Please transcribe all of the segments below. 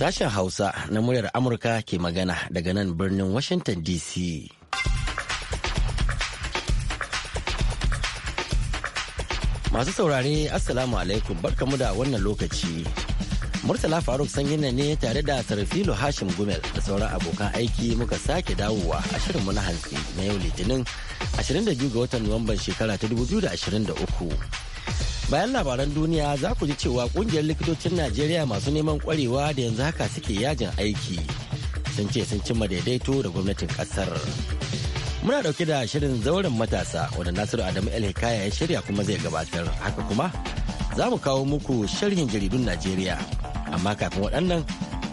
Sashen Hausa na muryar Amurka ke magana daga nan birnin Washington DC. Masu saurare Assalamu alaikum barkamu da wannan lokaci. Murtala Faruk Sangina ne tare da Sarfilo Hashim Gumel da sauran abokan aiki muka sake dawowa a shirinmu na hantsi na yau Litinin 22 ga watan Nuwamban shekara ta 2023. bayan labaran duniya za ku ji cewa kungiyar likitocin najeriya masu neman kwarewa da yanzu haka suke yajin aiki sun ce sun cimma daidaito da gwamnatin kasar muna dauke da shirin zauren matasa wanda nasiru adamu el hikaya ya shirya kuma zai gabatar haka kuma za mu kawo muku sharhin jaridun najeriya amma kafin waɗannan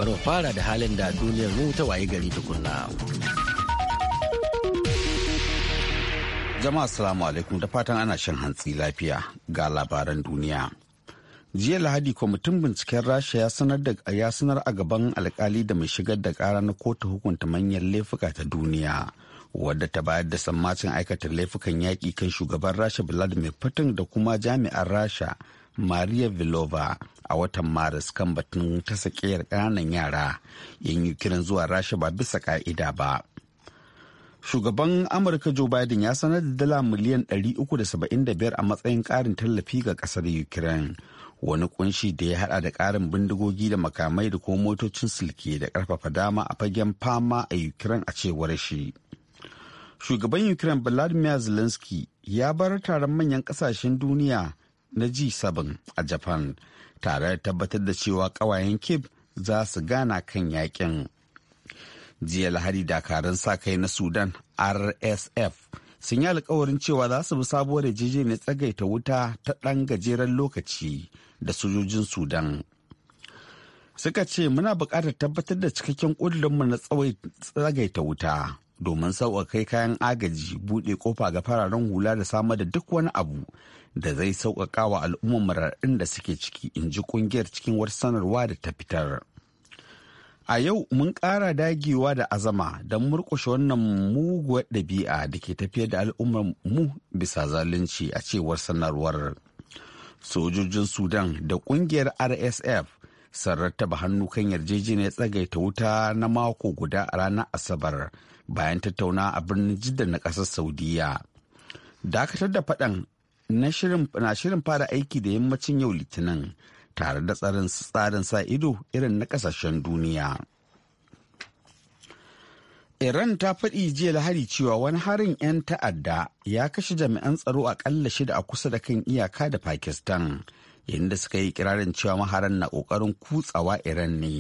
bari mu fara da halin da duniyar mu ta waye gari tukunna. Jama'a salamu alaikum da fatan ana shan hantsi lafiya ga labaran duniya. Jiya Lahadi kwamitin binciken Rasha ya sanar a gaban alkali da mai shigar da kara na kotu hukunta manyan laifuka ta duniya wadda ta bayar da sammacin aikata laifukan yaƙi kan shugaban Rasha Vladimir Putin da kuma jami'ar Rasha Maria Vilova a watan Maris kan batun ta sakiyar ƙananan yara yin kiran zuwa Rasha ba bisa ƙa'ida ba. Shugaban Amurka Joe Biden ya sanar da dala miliyan 375 a matsayin karin tallafi ga kasar Ukraine. Wani kunshi da ya hada da karin bindigogi da makamai da kuma motocin silke da karfafa dama a fagen fama a Ukraine a cewar shi. Shugaban Ukraine Vladimir Zelensky ya bar taron manyan kasashen duniya na G7 a Japan tare da tabbatar da cewa ƙawayen Kib za su gana kan yakin. jiya lahadi dakarun sa kai na sudan rsf sun yi alkawarin cewa za su bi sabuwar ne tsagaita wuta ta ɗan gajeren lokaci da sojojin sudan suka ce muna buƙatar tabbatar da cikakken ƙudurinmu na tsagaita wuta domin sauƙaƙa kayan agaji buɗe ƙofa ga fararen hula da samar da duk wani abu da zai sauƙaƙa wa al'ummar da suke ciki in ji ƙungiyar cikin wata sanarwa da ta fitar. A yau mun ƙara dagewa da azama don murƙushe wannan muguwar ɗabi'a da ke tafiyar da al'ummar mu bisa zalunci a cewar sanarwar. Sojojin Sudan da ƙungiyar RSF sun rattaba hannu kan yarjejeniyar tsagaita wuta na mako guda a ranar Asabar bayan tattauna a birnin Jidda na ƙasar Saudiya. Dakatar da faɗan na shirin fara aiki da yammacin yau Litinin tare da tsarin sa ido irin na kasashen duniya. Iran ta faɗi jiya lahari cewa wani harin 'yan ta'adda ya kashe jami'an tsaro aƙalla shida a kusa da kan iyaka da Pakistan, inda suka yi kirarin cewa maharan na ƙoƙarin kutsawa Iran ne.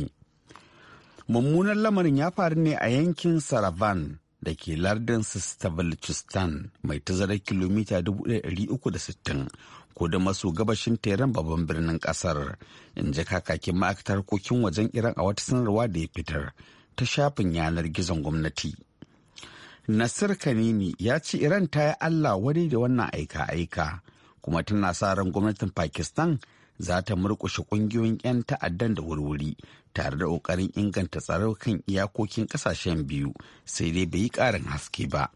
Mummunan lamarin ya faru ne a yankin Saravan da ke lardin Sistabalchistan mai tazarar kilomita 360 kudu maso gabashin teran babban birnin kasar in ji kakakin ma'aikatar harkokin wajen iran a wata sanarwa da ya fitar ta shafin yanar gizon gwamnati nasir kanini ya ce iran ta yi allah wani da wannan aika-aika kuma tana sa ran gwamnatin pakistan za ta murkushe kungiyoyin 'yan ta'addan da wurwuri tare da ƙoƙarin inganta tsaro kan iyakokin ƙasashen biyu sai dai bai yi ƙarin haske ba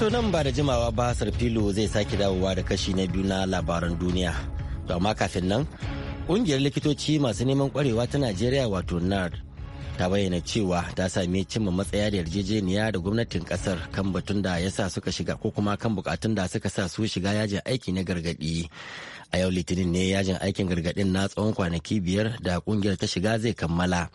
To nan ba da jimawa ba filo zai sake dawowa da kashi na biyu na labaran duniya. To amma kafin nan, ƙungiyar likitoci masu neman kwarewa ta Najeriya wato NARD ta bayyana cewa ta sami cimma matsaya da yarjejeniya da gwamnatin kasar kan batun da ya sa suka shiga ko kuma kan bukatun da suka sa su shiga yajin aiki na gargadi a yau litinin ne yajin aikin gargadin na tsawon kwanaki biyar da kungiyar ta shiga zai kammala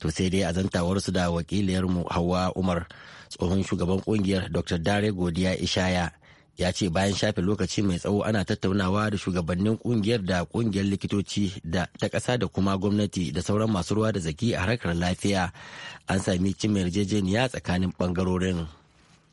to sai dai a zantawar su da wakiliyarmu hawa umar tsohon shugaban kungiyar dr dare godiya ishaya ya ce bayan shafe lokaci mai tsawo ana tattaunawa da shugabannin kungiyar da kungiyar likitoci da ta ƙasa da kuma gwamnati da sauran masu ruwa da zaki a harkar lafiya an sami cin yarjejeniya tsakanin bangarorin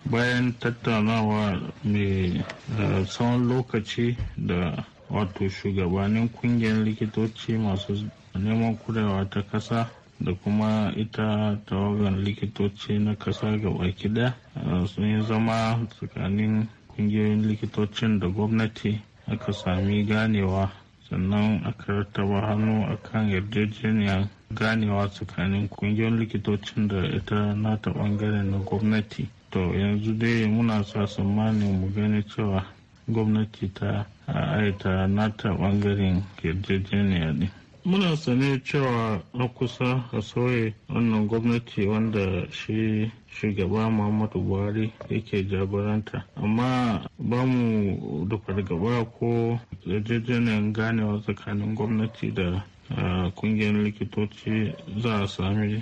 bayan tattaunawa mai eh, tsawon lokaci da wato shugabannin kungiyar likitoci masu neman kudawa ta ƙasa da kuma ita tawagar likitoci na ƙasa gabaki ɗaya eh, sun yi zama tsakanin kungiyoyin likitocin da gwamnati aka sami ganewa sannan aka rattaba hannu akan yarjejeniya ganewa tsakanin kungiyoyin likitocin da ita nata bangare na gwamnati to yanzu dai muna sa tsammanin mu gani cewa gwamnati ta aita nata bangaren yarjejeniya ne muna sane cewa na kusa a sauye wannan gwamnati wanda shi shugaba muhammadu buhari yake jagoranta amma ba mu da fargaba ko yarjejeniyar ganewa tsakanin gwamnati da kungiyar likitoci za a sami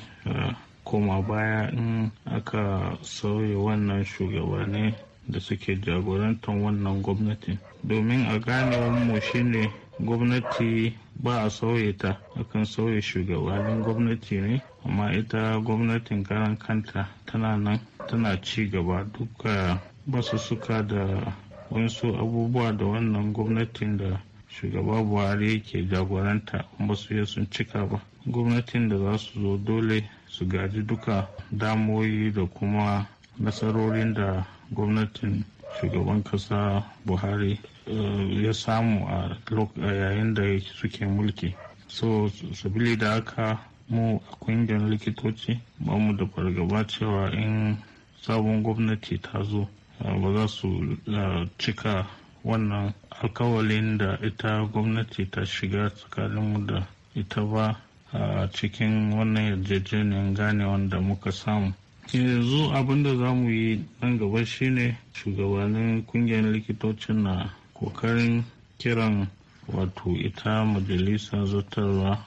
koma baya in aka sauya wannan shugabanni da suke jagorantar wannan gwamnati domin a ganewar mu shine gwamnati ba a sauye ta akan sauye shugabanin gwamnati ne amma ita gwamnatin karan kanta tana nan tana ci gaba duka su suka da wasu abubuwa da wannan gwamnatin da shugaba buhari yake jagoranta ba su yi sun cika ba gwamnatin da za su zo dole su gaji duka damoyi da kuma nasarorin da gwamnatin shugaban kasa buhari eh, ya samu a yayin da suke mulki so sabili da aka mu a kungiyar likitoci ba mu da fargaba cewa in sabon gwamnati ta zo eh, ba za su eh, cika wannan alkawalin da ita gwamnati ta shiga tsakaninmu da ita ba a cikin wannan yarjejeniyar gane da muka samu yanzu abin da za mu yi nan gaba shine shugabannin kungiyar likitocin na kokarin kiran wato ita majalisa zartarwa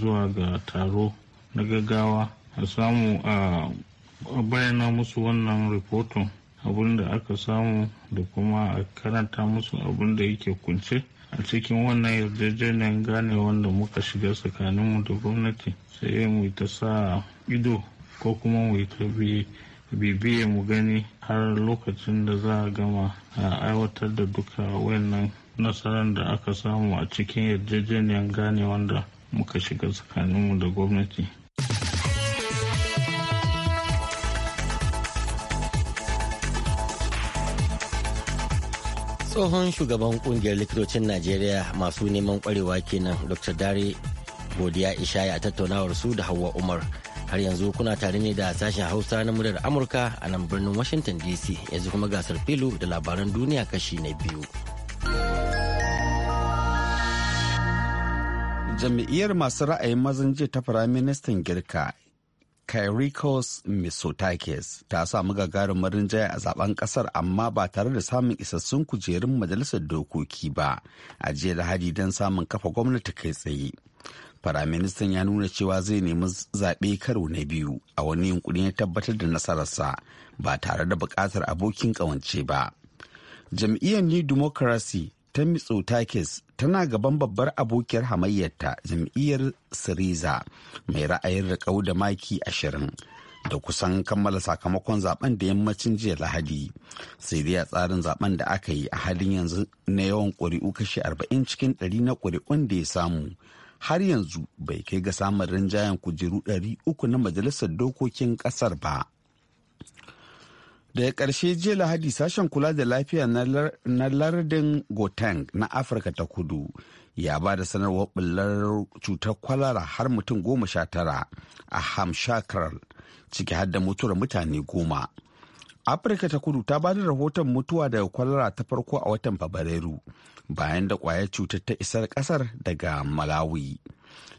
zuwa ga taro na gaggawa a samu a bayyana musu wannan rahoton abinda aka samu da kuma a karanta musu abinda yake kunce a cikin wannan yarjejeniyar gane wanda muka shiga tsakaninmu da gwamnati sai mu ta sa ido ko kuma mu yi bibiye mu gani har lokacin da za a gama a aiwatar da duka wannan nasarar da aka samu a cikin yarjejeniyar gane wanda muka shiga tsakaninmu da gwamnati. tsohon shugaban kungiyar likitocin najeriya masu neman kwarewa kenan dr dare godiya ishaya a tattaunawar su da hawa umar har yanzu kuna tare ne da sashen hausa na muryar amurka a nan birnin washington dc yanzu kuma gasar filo da labaran duniya kashi na biyu jami'iyar masu ra'ayin mazan jiya ta firaministan girka kairikos mitsotakis ta samu gagarumin jaya a zaben kasar amma ba tare da samun isassun kujerun majalisar dokoki ba a jiya lahadi don samun kafa gwamnati kai tsaye Firaministan ya nuna cewa zai nemi zaɓe karo na biyu a wani yunkuri na tabbatar da nasararsa ba tare da buƙatar abokin ƙawance ba. Jam'iyyar New Democracy ta Mitsotakis tana gaban babbar abokiyar hamayyarta jam'iyyar Siriza mai ra'ayin riƙau da maki ashirin da kusan kammala sakamakon zaben da yammacin jiya lahadi sai dai a tsarin zaben da aka yi a halin yanzu na yawan ƙuri'u kashi 40 cikin 100 na ƙuri'un da ya samu har yanzu bai kai ga samun rinjayen kujeru ɗari uku na majalisar dokokin ƙasar ba. Daga ƙarshe jiya Lahadi sashen kula da lafiya na lardin Goteng na Afirka ta kudu ya ba da sanarwar bullar cutar kwalara har mutum goma sha tara a Hamshakral ciki har da mutuwar mutane goma. Afirka ta kudu ta ba da rahoton mutuwa daga kwalara ta farko a watan Fabrairu bayan da kwayar cutar ta isar kasar daga malawi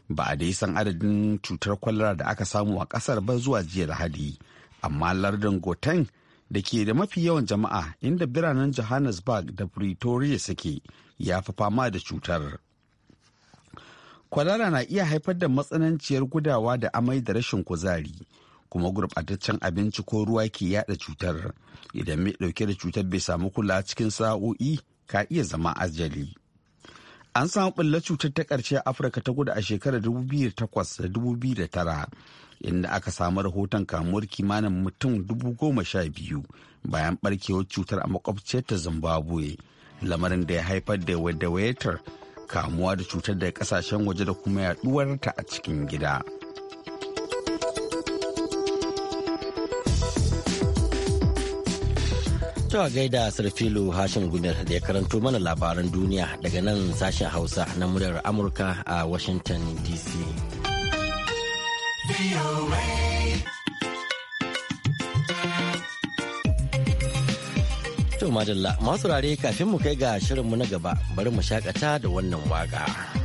ba a dai san adadin cutar kwalara da aka samu a kasar ba zuwa jiya lahadi amma lardin goten da ke da mafi yawan jama'a inda biranen johannesburg da pretoria suke ya fi fama da cutar kwalara na iya haifar da matsananciyar gudawa da amai da rashin kuzari kuma gurɓataccen abinci ko ruwa ke yada cutar idan mai ɗauke da cutar bai samu kula cikin sa'o'i ka iya zama ajali. An samu bulla cutar ta ƙarshe a Afirka ta gudu a shekarar 2008 da 2009 inda aka samu rahoton kamuwar kimanin mutum 12,000 bayan ɓarkewar cutar a makwabciyar ta Zimbabwe lamarin da ya haifar da wadawayatar kamuwa da cutar da kasashen waje da kuma yaduwar ta a cikin gida. To gaida Sarfilu Hashim Gumel da ya karanto mana labaran duniya daga nan sashen Hausa na muryar Amurka a Washington DC. To madalla masu rare kafin mu kai ga shirinmu na gaba bari mu shakata da wannan waka.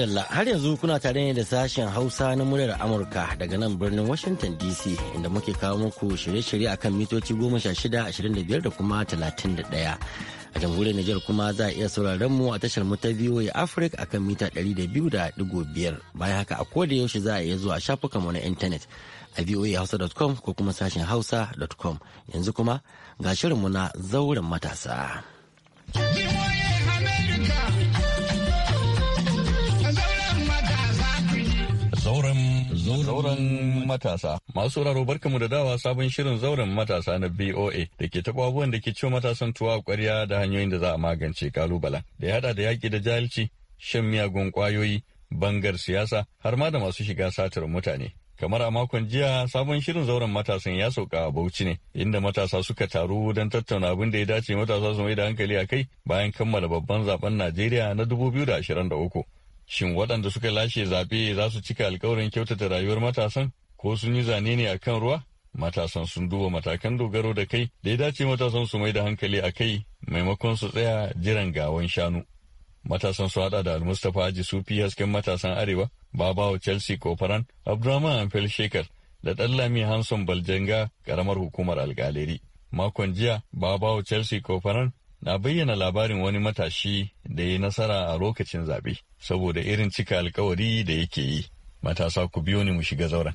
Adalla har yanzu kuna tare ne da sashen hausa na muryar amurka daga nan birnin washington dc inda muke kawo muku shirye-shirye akan mitoci 16 25 da kuma 31 a jamhuriyar Nijar kuma za a iya sauraron mu a tashar mu ta VOA Africa akan mita 200.5 bayan haka a koda yaushe za a iya zuwa shafukan mu na intanet a voahausa.com ko kuma sashen hausa.com yanzu kuma ga shirinmu na zauren matasa. zauren matasa. Masu sauraro mu da dawa sabon shirin zauren matasa na BOA da ke taɓa abubuwan da ke ciwo matasan tuwa a ƙwarya da hanyoyin da za a magance kalubala da ya haɗa da yaƙi da jahilci, shan miyagun ƙwayoyi, bangar siyasa har ma da masu shiga satar mutane. kamar a makon jiya sabon shirin zauren matasan ya sauka a bauchi ne inda matasa suka taru don tattauna abin da ya dace matasa su mai da hankali a kai bayan kammala babban zaben najeriya na da uku. Shin waɗanda suka lashe zaɓe za su cika alkawarin kyautata rayuwar matasan ko sun yi zane ne a kan ruwa? Matasan sun duba matakan dogaro da kai da ya dace matasan su mai da hankali a kai maimakon su tsaya jiran gawan shanu. Matasan su haɗa da Almustapha Haji Sufi hasken matasan Arewa, Babawa Chelsea Kofaran, Abdurrahman Amfel Shekar da Ɗanlami Hanson Baljanga ƙaramar hukumar alƙaleri. Makon jiya, Babawa Chelsea Kofaran na bayyana labarin wani matashi da ya nasara a lokacin zaɓe saboda irin cika alkawari da yake yi. Matasa ku biyo ne mu shiga zauren.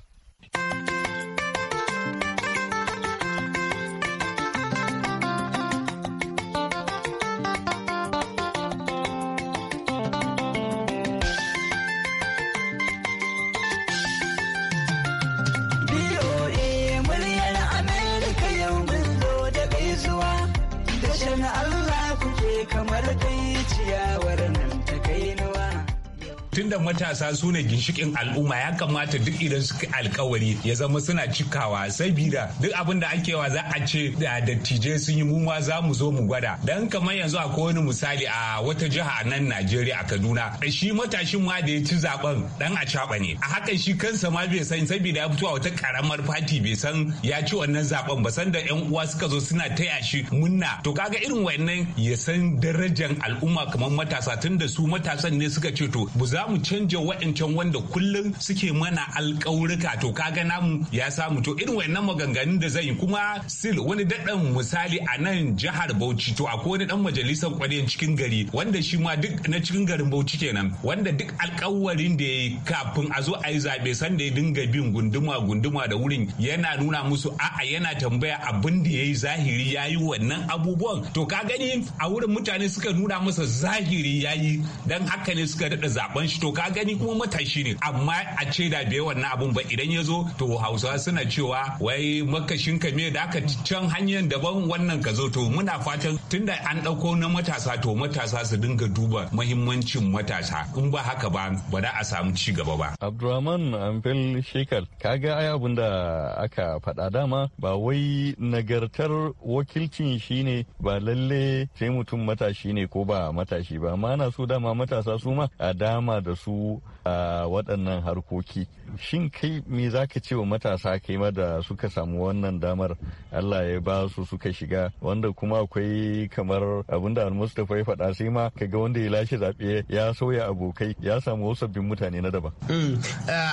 matasa su ne ginshikin al'umma ya kamata duk idan suka alkawari ya zama suna cikawa sabida duk abin da ake wa za a ce da dattijai sun yi mu ma za mu zo mu gwada dan kamar yanzu akwai wani misali a wata jiha a nan Najeriya a Kaduna shi matashin ma da ya ci zaben dan a caba ne a hakan shi kansa ma bai san sabida ya fito a wata karamar fati bai san ya ci wannan zaben ba san da yan uwa suka zo suna taya shi munna to kaga irin wayannan ya san darajar al'umma kamar matasa tunda su matasan ne suka ce to bu za mu canja wa'ancan wanda kullum suke mana alƙaurika to kaga namu ya samu to irin wayannan maganganun da zai yi kuma sil wani daɗan misali a nan jihar Bauchi to akwai wani dan majalisar kwarin cikin gari wanda shi ma duk na cikin garin Bauchi kenan wanda duk alƙawarin da ya yi kafin a zo a yi zaɓe sanda ya dinga bin gunduma gunduma da wurin yana nuna musu a'a yana tambaya abin da ya yi zahiri ya yi wannan abubuwan to ka gani a wurin mutane suka nuna masa zahiri ya yi don haka ne suka daɗa zaɓen shi to ka gani kuma matashi ne amma a ce da bai wannan abun ba idan ya zo to hausa suna cewa wai makashin ka me da aka can hanyar daban wannan ka zo to muna fatan tunda an ɗauko na matasa to matasa su dinga duba mahimmancin matasa in ba haka ba ba za a samu ci gaba ba. abdurrahman Amfil Shekar kaga ai abun da aka faɗa dama ba wai nagartar wakilcin shine ba lalle sai mutum matashi ne ko ba matashi ba amma ana so dama matasa su ma a dama da su a waɗannan harkoki shin kai me za ka ce wa matasa kai da suka samu wannan damar allah ya ba su suka shiga wanda kuma akwai kamar abinda almustapha ya faɗa sai ma ka ga wanda ya lashe zaɓe ya sauya abokai ya samu wasu sabbin mutane na daban mm,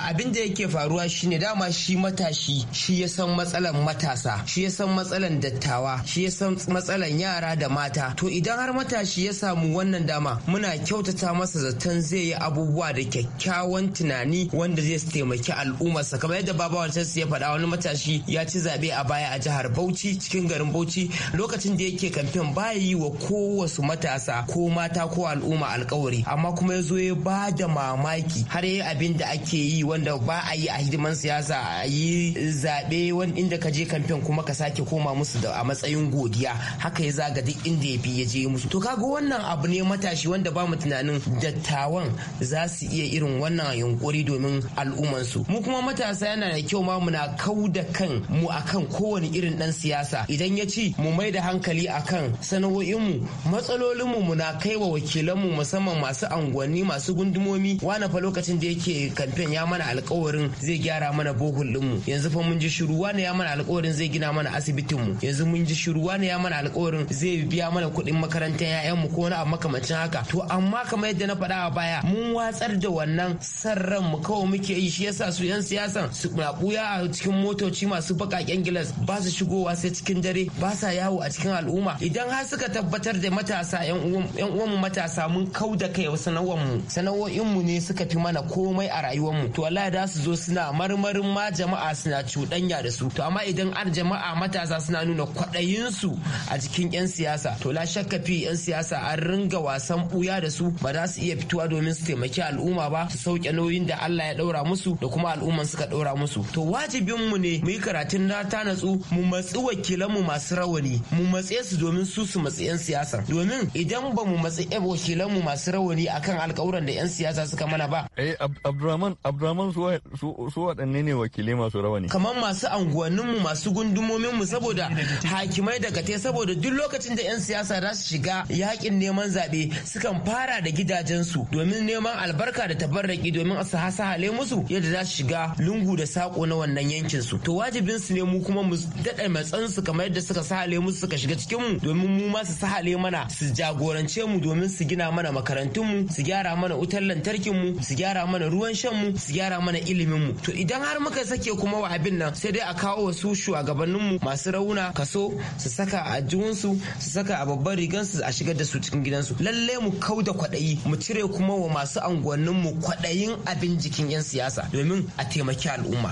abin da yake faruwa shine dama shi matashi shi ya san matsalan matasa shi ya san matsalan dattawa shi ya san matsalan yara da mata to idan har matashi ya samu wannan dama muna kyautata masa zaton zai yi abubuwa da kyau kyakkyawan tunani wanda zai taimaki al'ummarsa kamar yadda babawa su ya faɗa wani matashi ya ci zaɓe a baya a jihar Bauchi cikin garin Bauchi lokacin da yake kamfen baya yi wa kowasu matasa ko mata ko al'umma alkawari amma kuma ya zo ya ba da mamaki har yi abin da ake yi wanda ba a yi a hidiman siyasa a yi zaɓe wani inda ka je kamfen kuma ka sake koma musu da a matsayin godiya haka ya zaga duk inda ya fi ya je musu to kaga wannan abu ne matashi wanda ba mu tunanin dattawan za su iya irin wannan yunkuri domin al'ummansu mu kuma matasa yana da kyau ma muna kau da kan mu akan kowane irin dan siyasa idan ya ci mu mai da hankali akan sana'o'inmu matsalolinmu muna kai wa wakilanmu musamman masu anguwanni masu gundumomi wani fa lokacin da yake kamfen ya mana alkawarin zai gyara mana bohul dinmu yanzu fa mun ji shiru wani ya mana alkawarin zai gina mana asibitinmu yanzu mun ji shiru wani ya mana alkawarin zai biya mana kuɗin makarantar 'ya'yanmu ko wani abu makamancin haka to amma kamar yadda na faɗa a baya mun watsar da wannan san ran mu kawai muke yi shi yasa su yan siyasan su na buya a cikin motoci masu baƙaƙen gilas ba su shigowa sai cikin dare ba sa yawo a cikin al'umma idan har suka tabbatar da matasa yan uwanmu matasa mun kau da kai sana'o'inmu sana'o'inmu ne suka fi mana komai a mu to wallahi da su zo suna marmarin ma jama'a suna cuɗanya da su to amma idan an jama'a matasa suna nuna kwaɗayinsu a cikin 'yan siyasa to la shakka fi 'yan siyasa an ringa wasan buya da su ba za su iya fitowa domin su taimaki al'umma al'umma ba su sauke nauyin da Allah ya ɗaura musu da kuma al'umman suka ɗaura musu to wajibin mu ne mu yi karatun na ta natsu mu matsi wakilan mu masu rawani mu matse su domin su su matsi yan siyasa domin idan ba mu matsi wakilan mu masu rawani akan alƙawuran da yan siyasa suka mana ba eh abdurrahman abdurrahman su waɗanne ne wakilai masu rawani kamar masu anguwannin mu masu gundumomin mu saboda hakimai daga kate saboda duk lokacin da yan siyasa za su shiga yakin neman zaɓe sukan fara da gidajensu domin neman albarka da da tabarraki domin a saha sahale musu yadda za su shiga lungu da sako na wannan yankin su to wajibin su ne mu kuma mu daɗa matsan su kamar yadda suka sahale musu suka shiga cikin mu domin mu ma su sahale mana su jagorance mu domin su gina mana makarantun mu su gyara mana wutar lantarkin mu su gyara mana ruwan shan mu su gyara mana ilimin mu to idan har muka sake kuma wa abin nan sai dai a kawo wasu shugabannin mu masu rauna kaso su saka a su su saka a babban rigansu a shigar da su cikin gidansu lalle mu da kwaɗayi mu cire kuma wa masu anguwannin mu kwaɗayin abin jikin 'yan siyasa domin a taimaki al'umma.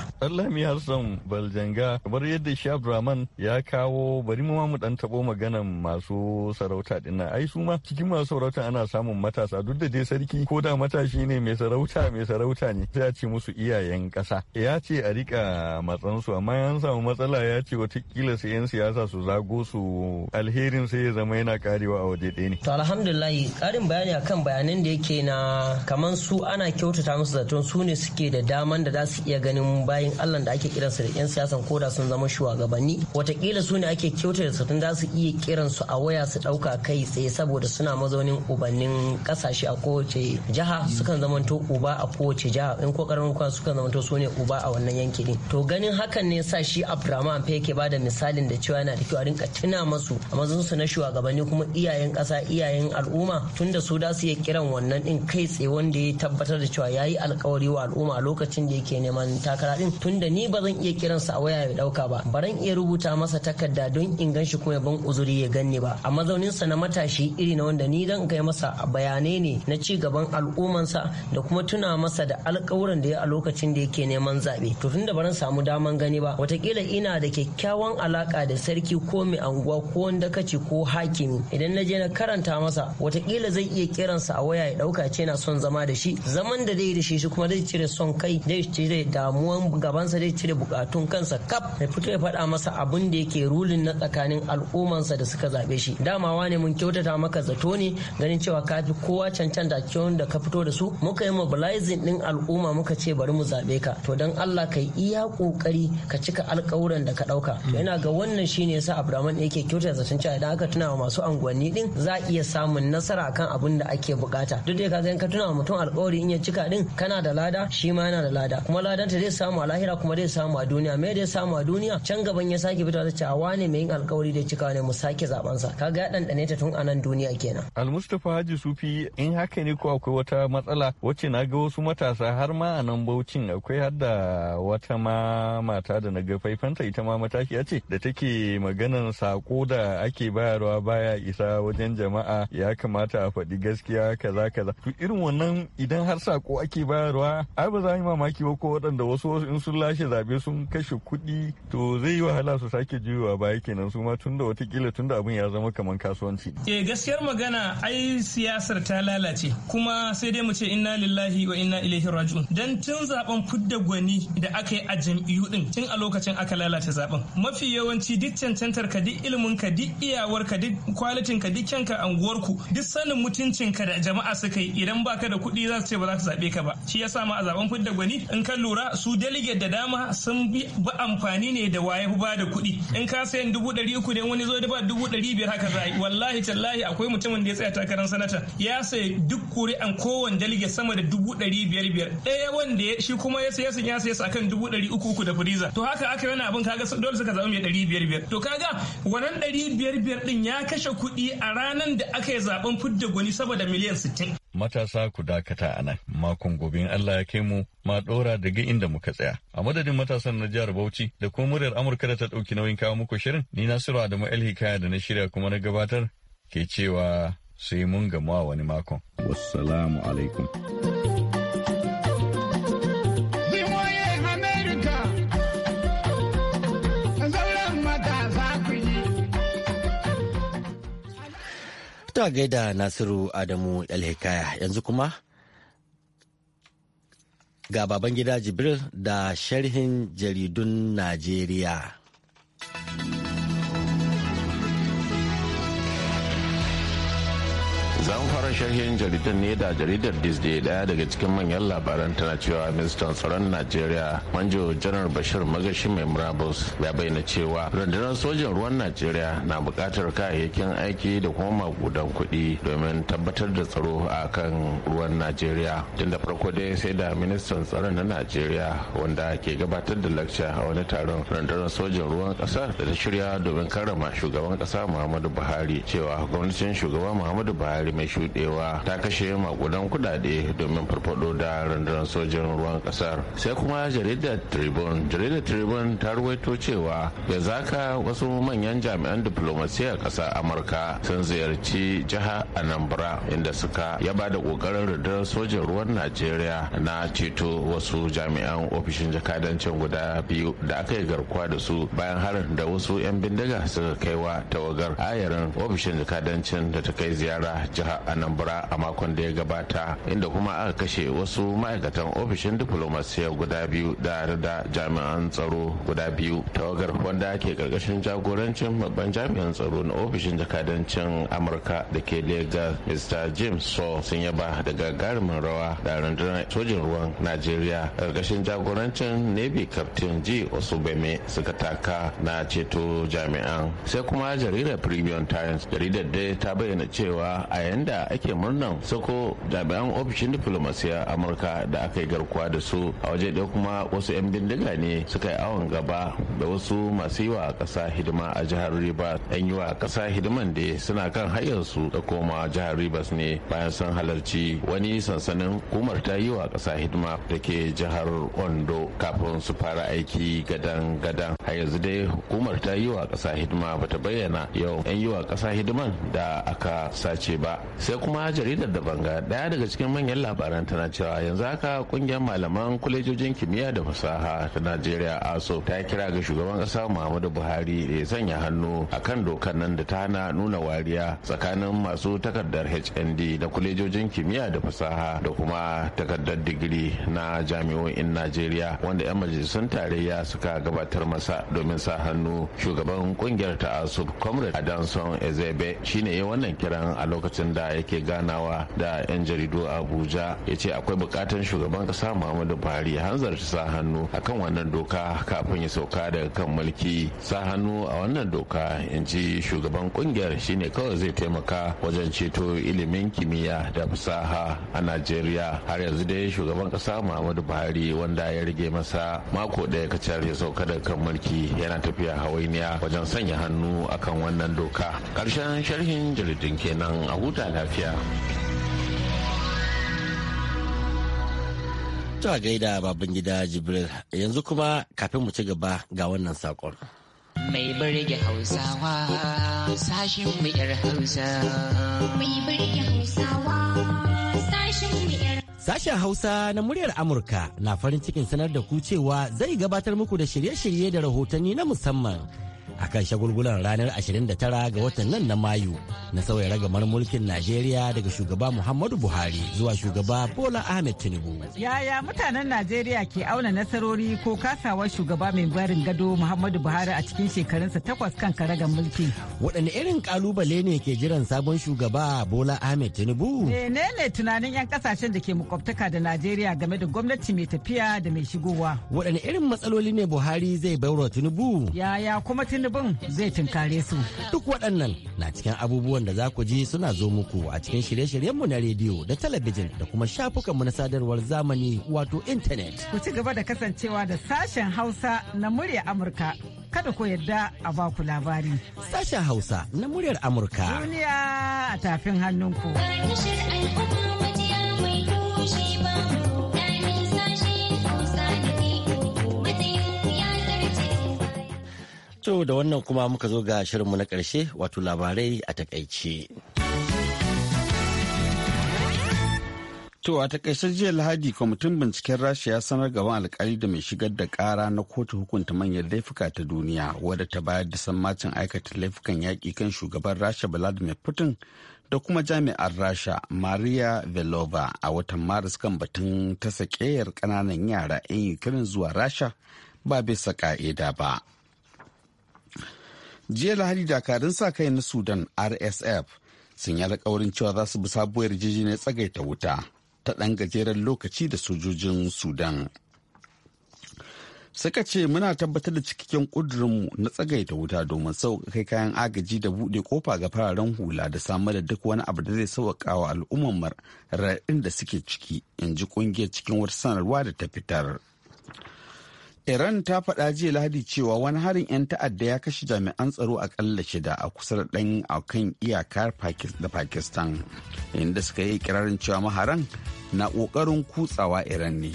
ya Hassan Baljanga kamar yadda Shi Abdulrahman ya kawo bari mu mu dan tabo maganan masu sarauta din ai su ma cikin masu sarauta ana samun matasa duk da dai sarki ko da matashi ne mai sarauta mai sarauta ne sai a ce musu iyayen ƙasa ya ce a rika matsan su amma an samu matsala ya ce wata sai 'yan siyasa su zago su alherin sai ya zama yana karewa a waje ɗaya ne. To alhamdulillah karin bayani akan bayanan da yake na kamar su ana kyautata musu zaton su ne suke da daman da za su iya ganin bayan allah da ake kiransu da 'yan siyasan koda sun zama shugabanni watakila su ne ake kyautata zaton za su iya kiransu a waya su dauka kai tsaye saboda suna mazaunin ubannin kasashe a kowace jiha sukan zamanto uba a kowace jiha in ko karamin kwan sukan zamanto su ne uba a wannan yanki to ganin hakan ne sa shi abdurrahman fa yake bada misalin da cewa yana da kyau a rinka tuna masu a mazan su na shugabanni kuma iyayen kasa iyayen al'umma tunda su da su iya kiran wannan din kai tsaye wanda ya tabbatar da cewa ya yi alkawari wa al'umma lokacin da yake neman takara din tunda ni ba zan iya kiransa a waya ya dauka ba baran iya rubuta masa takarda don in gan kuma ban uzuri ya ganni ba a mazaunin sa na matashi iri na wanda ni dan kai masa bayanai ne na ci gaban sa da kuma tuna masa da alkawuran da ya a lokacin da yake neman zaɓe to tunda baran samu daman gani ba watakila ina da kyakkyawan alaka da sarki ko mai anguwa ko wanda kace ko hakimi idan na je na karanta masa watakila zai iya kiransa a waya ya dauka ce na son zama da shi zaman da zai da shi kuma zai cire son kai zai cire damuwan gabansa zai cire bukatun kansa kaf ya fito ya faɗa masa abin da yake rulin na tsakanin al'ummansa da suka zaɓe shi dama wane mun kyautata maka zato ne ganin cewa ka fi kowa da kiyon da ka fito da su muka yi mobilizing din al'umma muka ce bari mu zaɓe ka to don Allah ka yi iya kokari ka cika alƙawuran da ka ɗauka to ina ga wannan shine yasa Abdulrahman yake kyautata zaton cewa idan aka tuna wa masu anguwanni din za a iya samun nasara akan abin da ake bukata duk da ka ga ka tuna wa mutum alƙawari alkawari in ya cika din kana da lada shi ma yana da lada kuma ladan ta zai samu a lahira kuma zai samu a duniya me zai samu a duniya can gaban ya sake fitowa ta cewa a wane mai yin alkawari da cika ne mu sake zaben sa kaga ya dane ta tun anan duniya kenan almustafa haji sufi in haka ne ko akwai wata matsala wacce na ga wasu matasa har ma a nan baucin akwai har da wata ma mata da na ga faifanta ita ma matashiya ce da take maganan sako da ake bayarwa baya isa wajen jama'a ya kamata a faɗi gaskiya kaza kaza to irin wannan idan idan har sako ake bayarwa ai ba za mu mamaki ba ko waɗanda wasu in sun lashe zabe sun kashe kuɗi to zai yi wahala su sake juyowa baya kenan su ma tunda watakila tunda abin ya zama kamar kasuwanci. eh gaskiyar magana ai siyasar ta lalace kuma sai dai mu ce inna lillahi wa inna ilaihi raji'un dan tun zaben fudda gwani da aka yi a jam'iyyu din tun a lokacin aka lalata zaben mafi yawanci duk cancantar ka duk ilimin ka duk iyawar ka duk kwalitin ka duk kyanka ku duk sanin mutuncin ka da jama'a suka yi idan baka da kuɗi za su ce ba za su zaɓe ka ba shi ya sa ma a zaben fidda gwani in ka lura su delegate da dama sun bi amfani ne da waye ba da kuɗi in ka sayan dubu ɗari uku ne wani zo da ba dubu ɗari biyar haka za yi wallahi tallahi akwai mutumin da ya tsaya takarar sanata ya sayi duk kuri'an kowane delegate sama da dubu ɗari biyar biyar ɗaya wanda shi kuma ya saya sun ya saya akan dubu ɗari uku uku da firiza to haka aka yana abin kaga dole suka zaɓi mai ɗari biyar biyar to kaga wannan ɗari biyar biyar ɗin ya kashe kuɗi a ranar da aka yi zaɓen fidda gwani saboda miliyan sittin. matasa ku dakata a nan. Makon gobe in Allah ya kai mu ma ɗora daga inda muka tsaya. A madadin matasan na jihar Bauchi da kuma muryar Amurka da ta ɗauki nauyin kawo muku shirin, ni Nasiru Adamu Hikaya da na shirya kuma na gabatar ke cewa sai mun gamu a wani makon. Wassalamu alaikum. Ta gaida Nasiru Adamu Alhikaya yanzu kuma Ga baban gida Jibril da sharhin jaridun Najeriya. fara jaridar ne da jaridar disney daya daga cikin manyan labaran tana cewa ministan tsaron najeriya manjo janar bashir magashi mai murabus ya bayyana cewa rundunar sojan ruwan najeriya na bukatar kayayyakin aiki da kuma magudan kuɗi domin tabbatar da tsaro a kan ruwan najeriya tun da farko dai sai da ministan tsaron na najeriya wanda ke gabatar da lakca a wani taron rundunar sojan ruwan ƙasa da ta shirya domin karrama shugaban ƙasa muhammadu buhari cewa gwamnatin shugaba muhammadu buhari mai shuɗe daɗewa ta kashe makudan kudade domin farfado da rundunar sojin ruwan kasar sai kuma jaridar tribune jaridar tribune ta ruwaito cewa ya zaka wasu manyan jami'an diplomasiyyar kasar amurka sun ziyarci jiha anambra inda suka yaba da kokarin rundunar sojin ruwan najeriya na ceto wasu jami'an ofishin jakadancin guda biyu da aka yi garkuwa da su bayan harin da wasu 'yan bindiga suka kaiwa tawagar ayarin ofishin jakadancin da ta kai ziyara jiha anambra anambra a makon da ya gabata inda kuma aka kashe wasu ma'aikatan ofishin diplomasiya guda biyu da da jami'an tsaro guda biyu tawagar wanda ke karkashin jagorancin babban jami'an tsaro na ofishin jakadancin amurka da ke lagos mr james so sun yaba da gagarumin rawa da rundunar sojin ruwan najeriya karkashin jagorancin navy captain g osubeme suka taka na ceto jami'an sai kuma jaridar premium times jaridar dai ta bayyana cewa a yanda ake murnan sako jami'an ofishin diplomasiya amurka da aka yi garkuwa da su a waje da kuma wasu 'yan bindiga ne suka yi awon gaba da wasu masu yi wa ƙasa hidima a jihar rivers 'yan yi wa ƙasa hidiman da suna kan hayarsu da koma jihar ribas ne bayan sun halarci wani sansanin kumar ta yi wa ƙasa hidima da ke jihar ondo kafin su fara aiki gadan gadan a yanzu dai hukumar ta yi wa ƙasa hidima bata bayyana yau 'yan yi wa ƙasa hidiman da aka sace ba sai kuma jaridar da banga daya daga cikin manyan labaran tana cewa yanzu haka kungiyar malaman kwalejojin kimiyya da fasaha ta najeriya aso ta kira ga shugaban kasa muhammadu buhari da ya sanya hannu akan dokar nan da ta hana nuna wariya tsakanin masu takardar hnd da kwalejojin kimiyya da fasaha da kuma takardar digiri na jami'o'in najeriya wanda 'yan majalisun tarayya suka gabatar masa domin sa hannu shugaban kungiyar ta aso comrade adanson ezebe shine ya wannan kiran a lokacin da yake ake ganawa da 'yan jaridu a abuja ya ce akwai bukatar shugaban kasa muhammadu buhari hanzarta sa hannu akan wannan doka kafin ya sauka daga kan mulki sa hannu a wannan doka in ji shugaban kungiyar shine kawai zai taimaka wajen ceto ilimin kimiyya da fasaha a najeriya har yanzu dai shugaban kasa muhammadu buhari wanda ya rage masa mako ɗaya kacar ya sauka daga kan mulki yana tafiya hawainiya wajen sanya hannu akan wannan doka ƙarshen sharhin jaridun kenan a huta lafiya lafiya. a gaida babban gida Jibril yanzu kuma kafin mu ci gaba ga wannan sakon. Mai birge Hausawa sashin mu yar Hausa. Mai birge Hausawa sashin mu yar Sashen Hausa na muryar Amurka na farin cikin sanar da ku cewa zai gabatar muku da shirye-shirye da rahotanni na musamman a kan shagulgulan ranar 29 ga watan nan na mayu na sauya ragamar mulkin najeriya daga shugaba muhammadu buhari zuwa shugaba bola ahmed tinubu yaya mutanen najeriya ke auna nasarori ko kasawar shugaba mai barin gado muhammadu buhari a cikin shekarunsa takwas kan karagan mulki waɗanne irin kalubale ne ke jiran sabon shugaba bola ahmed tinubu menene tunanin 'yan kasashen da ke makwabtaka da najeriya game da gwamnati mai tafiya da mai shigowa waɗanne irin matsaloli ne buhari zai baiwa tinubu yaya kuma tinubu harbin zai tunkare su. Duk waɗannan na cikin abubuwan da za ku ji suna zo muku a cikin shirye-shiryenmu na rediyo da talabijin da kuma shafukanmu na sadarwar zamani wato intanet. Ku ci gaba da kasancewa da sashen Hausa na murya Amurka. Kada ku yarda a ba ku labari. Sashen Hausa na muryar Amurka. Duniya a tafin hannunku. To da wannan kuma muka zo ga shirinmu na ƙarshe wato labarai a takaice. To a takaice jiya Lahadi kwamitin binciken Rasha ya sanar gaban alkali da mai shigar da ƙara na kotu hukunta manyan laifuka ta duniya wadda ta bayar da sammacin aikata laifukan yaƙi kan shugaban Rasha Vladimir Putin da kuma jami'ar Rasha Maria Velova a watan Maris kan batun ta sakeyar ƙananan yara 'yan Ukraine zuwa Rasha ba bisa ƙa'ida ba. jiya lahadi dakarun sa kai na sudan rsf sun yi alkawarin cewa za su bi sabuwar yarjejeniyar tsagaita wuta ta ɗan gajeren lokaci da sojojin sudan suka ce muna tabbatar da cikakken ƙudurinmu na tsagaita wuta domin sauƙa kai kayan agaji da buɗe kofa ga fararen hula da samar da duk wani abu da zai sauƙaƙa wa al'ummar raɗin da suke ciki in ji ƙungiyar cikin wata sanarwa da ta fitar Iran ta faɗa jiya Lahadi cewa wani harin 'yan ta'adda ya kashe jami'an tsaro akalla shida a kusa da ɗan akan iyakar da Pakistan, inda suka yi kirarin cewa maharan na ƙoƙarin kutsawa Iran ne.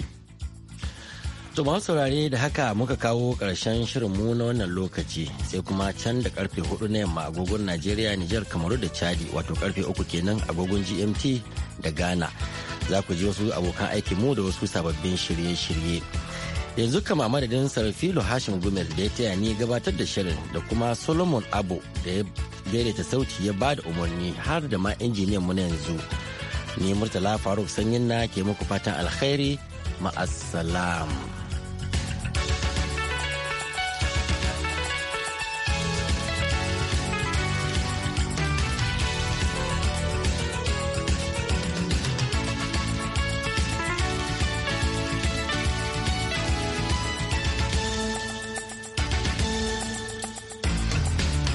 To masu saurare da haka muka kawo ƙarshen shirinmu na wannan lokaci sai kuma can da ƙarfe hudu na yamma agogon Najeriya, Nijar, Kamaru da Chadi wato ƙarfe uku kenan agogon GMT da Ghana. Za ku ji wasu abokan mu da wasu sababbin shirye-shirye. yanzu kama madadin sarfilo hashim gumel da ya taya ni gabatar da shirin da kuma solomon abu da ya daidaita sauti ya ba da umarni har da ma injiniyan mu na yanzu ni murtala faruk sanyin na ke muku fatan alkhairi ma'assalam.